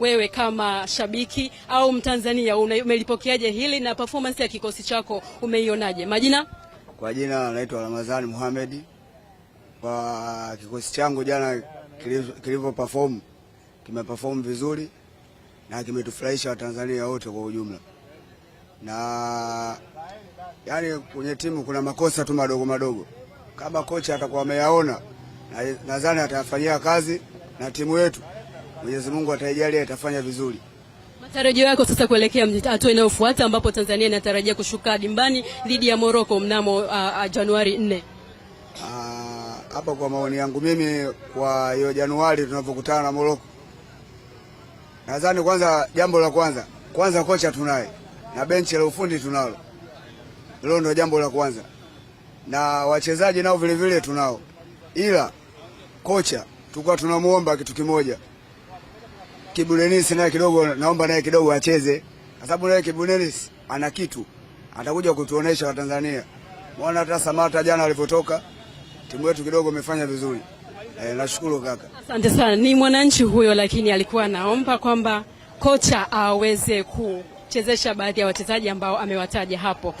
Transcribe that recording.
wewe kama shabiki au Mtanzania umelipokeaje hili na performance ya kikosi chako umeionaje? Majina? Kwa jina naitwa Ramadhani Muhamedi. Kwa kikosi changu jana kilivyo perform, kimeperform vizuri na kimetufurahisha Watanzania wote kwa ujumla, na yani kwenye timu kuna makosa tu madogo madogo, kama kocha atakuwa ameyaona, nadhani atayafanyia kazi na timu yetu Mwenyezi Mungu ataijalia, itafanya vizuri. Matarajio yako sasa kuelekea hatua inayofuata ambapo Tanzania inatarajia kushuka dimbani dhidi ya Morocco mnamo uh, uh Januari 4. Ah, hapa kwa maoni yangu mimi, kwa hiyo Januari tunapokutana na Morocco, nadhani kwanza, jambo la kwanza kwanza, kocha tunaye na benchi la ufundi tunalo, hilo ndio jambo la kwanza, na wachezaji nao vilevile tunao, ila kocha tulikuwa tunamuomba kitu kimoja Kibunenis naye kidogo, naomba naye kidogo acheze, kwa sababu naye Kibunenis ana kitu, atakuja kutuonesha Watanzania. Mwana hata Samata jana alipotoka timu yetu kidogo imefanya vizuri. E, nashukuru kaka, asante sana. Ni mwananchi huyo, lakini alikuwa anaomba kwamba kocha aweze kuchezesha baadhi ya wachezaji ambao amewataja hapo.